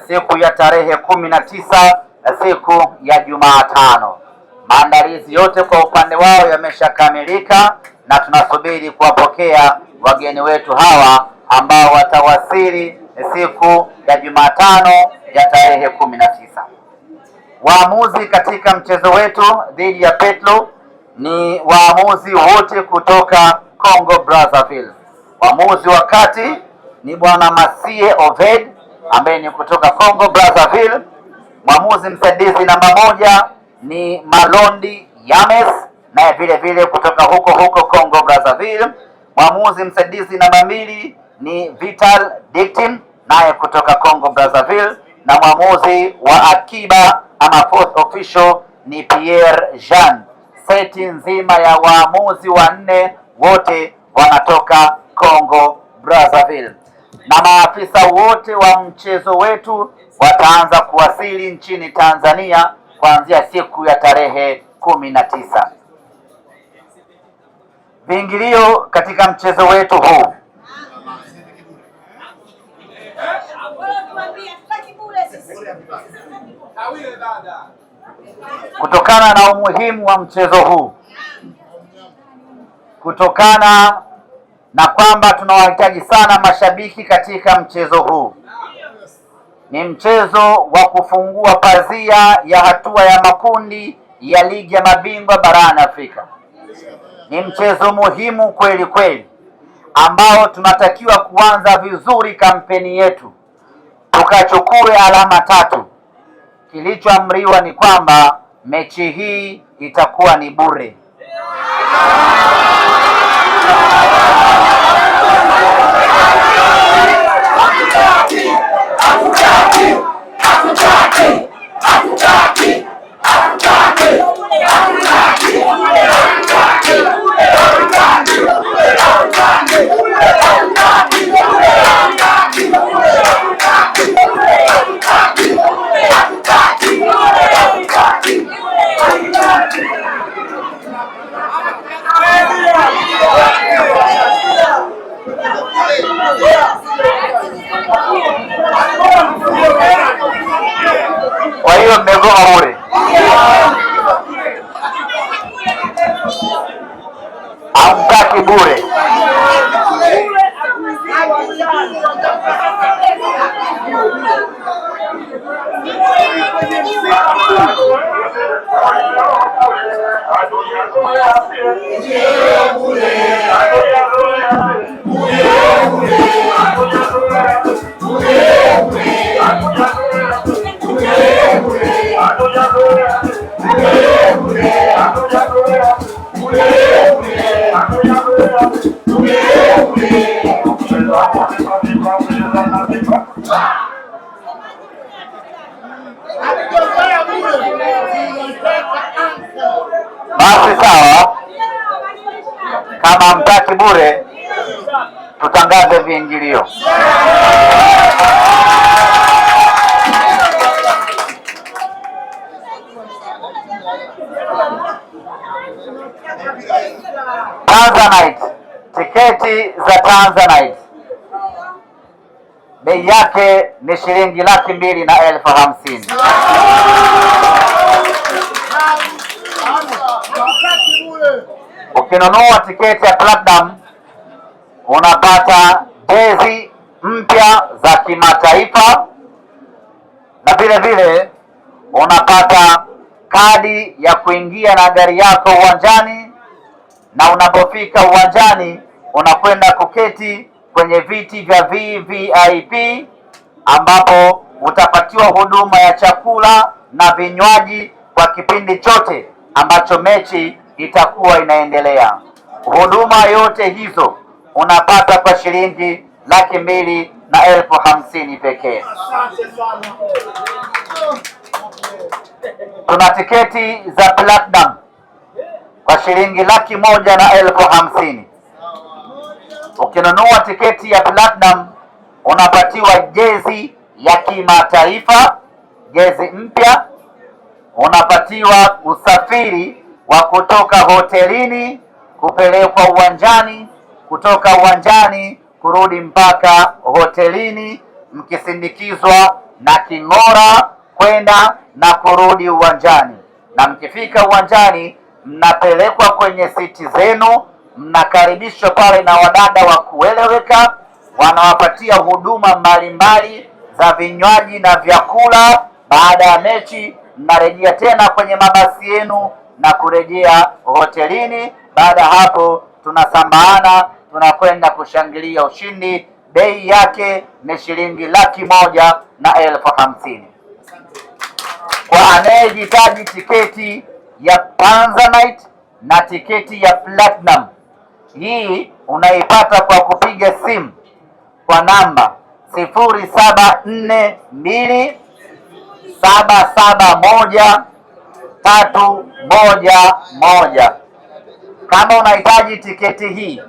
Siku ya tarehe kumi na tisa siku ya Jumatano, maandalizi yote kwa upande wao yameshakamilika na tunasubiri kuwapokea wageni wetu hawa ambao watawasili siku ya Jumatano ya tarehe kumi na tisa. Waamuzi katika mchezo wetu dhidi ya Petlo ni waamuzi wote kutoka Congo Brazzaville. Waamuzi wa kati ni bwana Masie Oved ambaye ni kutoka Congo Brazzaville. Mwamuzi msaidizi namba moja ni Malondi Yames, naye vile vile kutoka huko huko Congo Brazzaville. Mwamuzi msaidizi namba mbili ni Vital Dictin, naye kutoka Congo Brazzaville, na mwamuzi wa akiba ama fourth official ni Pierre Jean. Seti nzima ya waamuzi wanne wote wanatoka Congo Brazzaville na maafisa wote wa mchezo wetu wataanza kuwasili nchini Tanzania kuanzia siku ya tarehe kumi na tisa. Viingilio katika mchezo wetu huu kutokana na umuhimu wa mchezo huu kutokana na kwamba tunawahitaji sana mashabiki katika mchezo huu. Ni mchezo wa kufungua pazia ya hatua ya makundi ya ligi ya mabingwa barani Afrika. Ni mchezo muhimu kweli kweli, ambao tunatakiwa kuanza vizuri kampeni yetu tukachukue alama tatu. Kilichoamriwa ni kwamba mechi hii itakuwa ni bure. Hatutaki, hatutaki, hatutaki, hatutaki. আমরে Basi sawa, kama mtaki bure, tutangaze viingilio. Tanzanite, tiketi za Tanzanite bei yake ni shilingi laki mbili na elfu hamsini. Ukinunua tiketi ya Platinum unapata jezi mpya za kimataifa na vile vile unapata kadi ya kuingia na gari yako uwanjani, na unapofika uwanjani unakwenda kuketi kwenye viti vya VVIP ambapo utapatiwa huduma ya chakula na vinywaji kwa kipindi chote ambacho mechi itakuwa inaendelea. Huduma yote hizo unapata kwa shilingi laki mbili na elfu hamsini pekee. Tuna tiketi za platinum kwa shilingi laki moja na elfu hamsini. Ukinunua tiketi ya platinum unapatiwa jezi ya kimataifa, jezi mpya, unapatiwa usafiri wa kutoka hotelini kupelekwa uwanjani, kutoka uwanjani kurudi mpaka hotelini, mkisindikizwa na king'ora kwenda na kurudi uwanjani, na mkifika uwanjani mnapelekwa kwenye siti zenu mnakaribishwa pale na wadada wa kueleweka, wanawapatia huduma mbalimbali za vinywaji na vyakula. Baada ya mechi, mnarejea tena kwenye mabasi yenu na kurejea hotelini. Baada ya hapo, tunasambaana tunakwenda kushangilia ushindi. Bei yake ni shilingi laki moja na elfu hamsini kwa anayehitaji tiketi ya Panza Night na tiketi ya Platinum hii unaipata kwa kupiga simu kwa namba sifuri saba nne mbili saba saba moja tatu moja moja. Kama unahitaji tiketi hii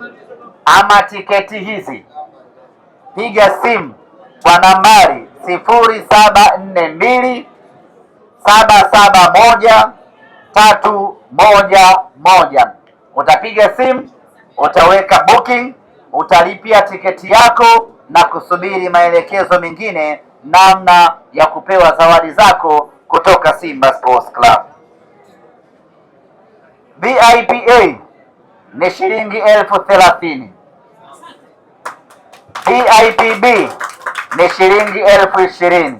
ama tiketi hizi, piga simu kwa nambari sifuri saba nne mbili saba saba moja tatu moja moja. Utapiga simu utaweka booking, utalipia tiketi yako na kusubiri maelekezo mengine namna ya kupewa zawadi zako kutoka Simba Sports Club. BIPA ni shilingi elfu thelathini. BIPB ni shilingi elfu ishirini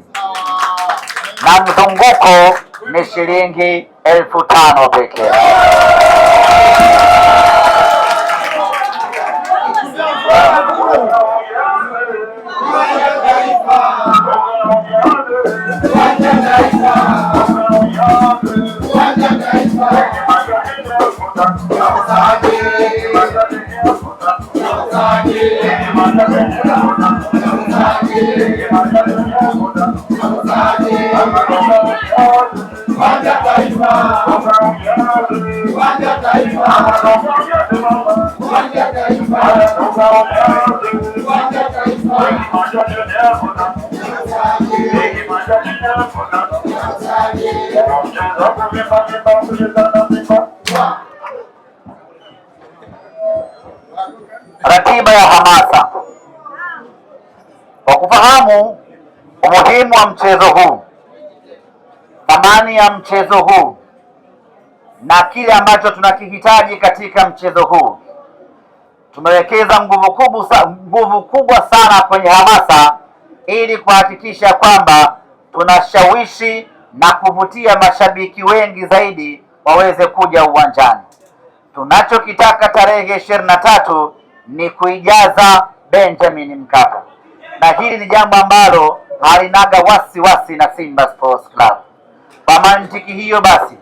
na mzunguko ni shilingi elfu tano pekee. Taifa, Taifa, Taifa, Ratiba ya hamasa. Kwa kufahamu umuhimu wa mchezo huu, thamani ya mchezo huu na kile ambacho tunakihitaji katika mchezo huu tumewekeza nguvu kubwa, nguvu kubwa sana kwenye hamasa ili kuhakikisha kwamba tunashawishi na kuvutia mashabiki wengi zaidi waweze kuja uwanjani. Tunachokitaka tarehe ishirini na tatu ni kuijaza Benjamin Mkapa, na hili ni jambo ambalo halinaga wasiwasi na Simba Sports Club. Kwa mantiki hiyo basi,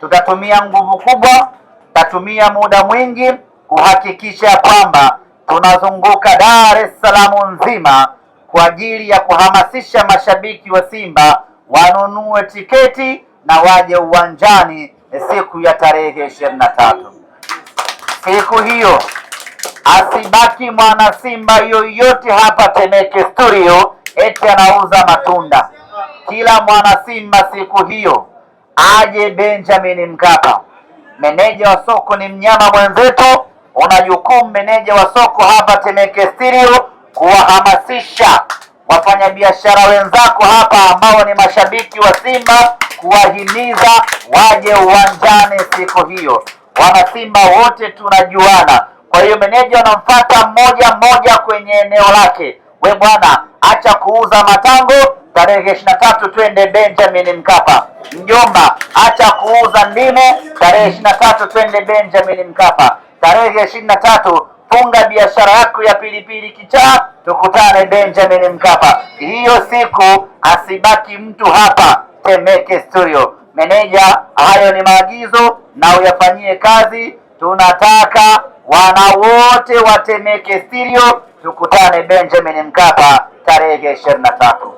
tutatumia nguvu kubwa, tutatumia muda mwingi kuhakikisha kwamba tunazunguka Dar es Salaam nzima kwa ajili ya kuhamasisha mashabiki wa Simba wanunue tiketi na waje uwanjani siku ya tarehe ishirini na tatu. Siku hiyo asibaki mwana Simba yoyote hapa Temeke Studio eti anauza matunda. Kila mwana Simba siku hiyo aje Benjamin Mkapa. Meneja wa soko ni mnyama mwenzetu una jukumu meneja wa soko hapa Temeke Stereo kuwahamasisha wafanyabiashara wenzako hapa ambao ni mashabiki wa Simba, kuwahimiza waje uwanjani siku hiyo. Wana Simba wote tunajuana, kwa hiyo meneja anamfuata mmoja mmoja kwenye eneo lake. We bwana, acha kuuza matango tarehe ishirini na tatu twende Benjamin Mkapa. Mjomba, acha kuuza ndimu tarehe ishirini na tatu twende Benjamin Mkapa tarehe ishirini na tatu funga biashara yako ya pilipili kichaa, tukutane Benjamin Mkapa hiyo siku, asibaki mtu hapa Temeke Studio. Meneja, hayo ni maagizo na uyafanyie kazi. Tunataka wana wote wa Temeke Studio tukutane Benjamin Mkapa tarehe ishirini na tatu.